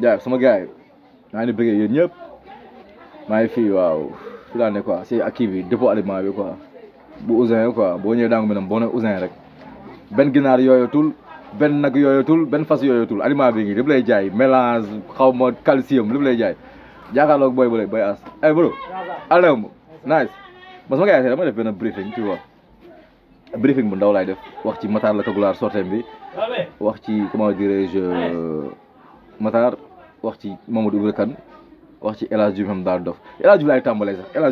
jaay sama gars yi maa ngi bëggee yéen ñëpp maa ngi fii waaw fi laa ne quoi si ak kii bi dépôt aliment bi quoi bu Ousin quoi boo ñëwee daangu mi nam boo ne Ousin rek benn ginaar yooyatul benn nag yooyatul benn fas yooyatul aliment bi ngi lay jaay mélange xaw ma calcium lépp lay jaay jaakaarloog booy bu lay bay as ay eh, bro alem nice ma sama gars yi dama def benn briefing bu ndaw def wax ci Matar la Kagulaar sortem bi wax ci comment dirais je Matar wax ci Mamadou Ibra Kane wax ci El Hadj Diouf xam Sonko nga koy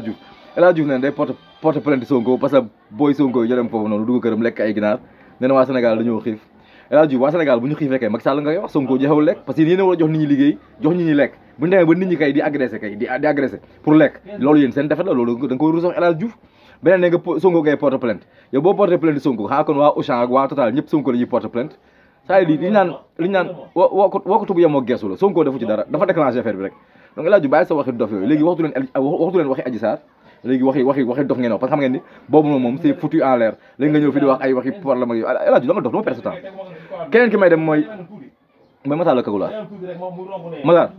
wax Sonko a a yow boo porte plainte Sonko xaa kon waa Auchan ak waa Total ñëpp Sonko la ñuy porte saa yi lii li ñu naan li ñu naan wokkatu bu yemoo geesu la Sonko def ci dara dafa déclenché affaire bi rek donc laaj ju bàyyi sa waxi dof yooyu léegi waxtu leen waxtu leen waxi Adji Sarr léegi waxi waxi waxi dof ngeen wax parce que xam moom moom c'est foutu en l'air léegi nga ñëw fi di wax ay waxi problème ak yooyu laaj ju da nga dof dama keneen ki may dem mooy mooy Matar la Kagula Matar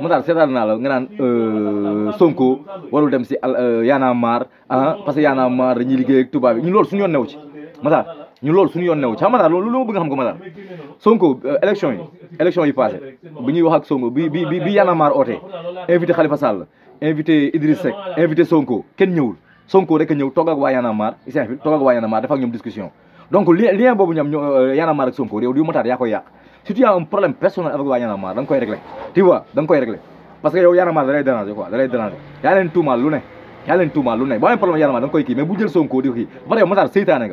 Matar seetaan naa la nga naan euh, Sonko warul dem si euh, Y'en a marre ah parce que Y'en a marre dañuy liggéey ak tubaab yi ñu loolu suñu yoon new ci Matar ñu loolu suñu yoon new ci Matar loolu lu ma bëgg xam ko Matar Sonko euh, élection yi élection yi passé bi ñuy wax ak Sonko bi bi bi Y'en a marre oote invité Khalifa Sall invité Idriss Sonko kenn ñëwul Sonko rek a ñëw toog ak waa Y'en a marre isnfil toog ak waa Y'en a marre def ak ñoom discussion donc lien boobu ñoom euh, Y'en a marre ak Sonko yow yaa koy yàq si tu as un problème personnel a marre da nga koy réglé tu vois da nga koy réglé parce que ko kii vrai Matar seytaane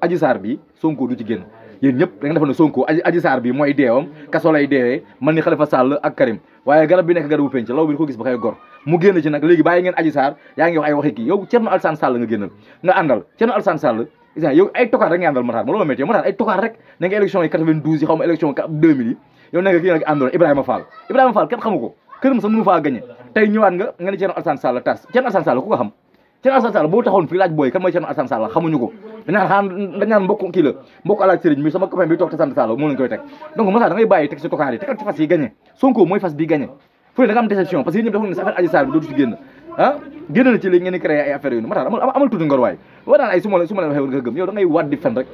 aji saar bi Sonko du ci génn yéen ñëpp da nga defoon ne Sonko aji aji saar bi mooy deewam kaso lay man ni Khalifa Sall ak Karim waaye garab bi nekk garabu penc law bi ko gis ba koy gor mu génn ci nag léegi bàyyi ngeen aji saar yaa ngi wax ay waxi kii yow Thierno Alassane Sall nga génnal nga àndal Thierno Alassane Sall yow ay tokaar rek nga àndal ko ko xam Thierno Alassane Sall boo taxoon fii laaj booy kan mooy Thierno Alassane Sall xamuñu ko dañaan xaar dañaan mbokk kii la mbokk alaaj sama copain bi toog te sant moo leen koy teg donc Moussa da ngay bàyyi teg si tokaar fas yi gagné Sonko mooy fas bi gagné fu ne da nga am déception parce que yéen ñëpp dafa ne dootu si génn ah na ci léegi ngeen di créé ay affaires yooyu Matar amal tuuti ngor waay wa daan ay su la su waat di fen rek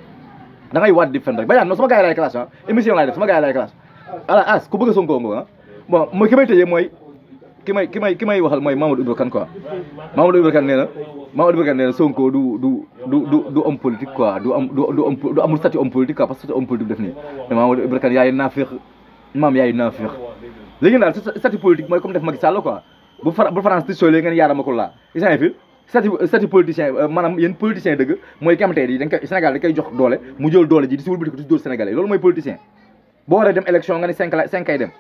da waat di fen rek bayaan non sama sama gars yi laay classe ala ah. as ku bëgg Sonko nga ah ki may ki may ki may waxal mooy Mamadou Ibra Kane quoi Mamadou Ibra Kane nee na Sonko du du du du politique quoi du am du du politique quoi parce que statut homme politique def nii te Mamadou Ibra Kane yaay naafeex maam yaay naafeex léegi daal politique mooy comme def Macky Sall quoi bu bu France di solee ngeen yaarama ko laa isaan fi statut statut politicien euh, maanaam yéen politicien dëgg mooy kamtee yi dañ koy Sénégal dañ jox doole mu jël doole ji di si wëlbati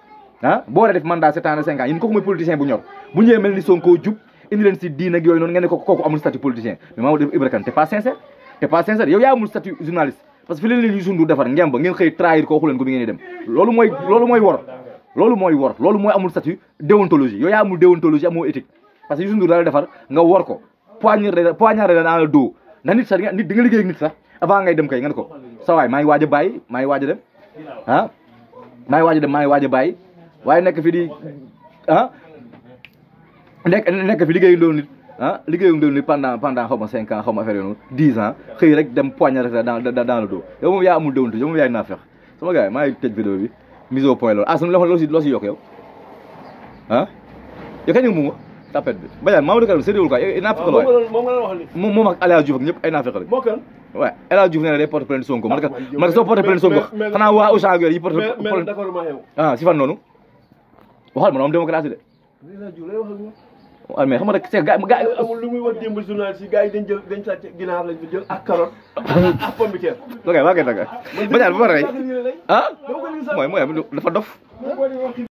ah boo war a def mandat sept ans de cinq ans yéen kooku mooy politicien bu ñor bu ñëwee mel ni Sonko jub indi leen si diin ak yooyu noonu ngeen ne ko kooku amul statut politicien mais Mamadou Ibra Kane t'es pas sincère t'es pas sincère yow yaa amul statut journaliste parce que fi leen leen Youssou defar ngeen ba ngeen xëy trahir ko waxu leen ko bi dem loolu mooy wor loolu mooy amul statut déontologie yow yaa amul déontologie amoo éthique parce que Youssou Ndour daal defar nga wor a a ah, a dem maa ngi waaj waaye nekk fi di ah nekk nekk fi liggéeyu doon nit ah liggéeyu doon nit cinq ans xaw ma yoonu dix ans xëy rek dem poignard dans dans le dos yow moom yaa amul dóontu yow moom yaay naa fex sama gars yi maa ngi tëj vidéo bi mise au point loolu ah sunu loxo loo si yokk yow ah yow kañ nga muuma tapette bi Badiane Mamadou Karim séddewul quoi ay naafeq la waaye moom moom ak Alioune Diouf ak ñëpp nee na day porte plainte Sonko man ka ah, man ka soo porte plainte Sonko xanaa waa Auchan ah, ak waxal ma ne am démocratie de. waaw mais xam nga rek c'est gars gars amul lu muy wax démb journaliste yi gars yi dañ jël dañ sàcc ginaar lañ jël ak carotte ak pomme de terre ok waa kay danga ba ñaar ba pare ah mooy mooy dafa dof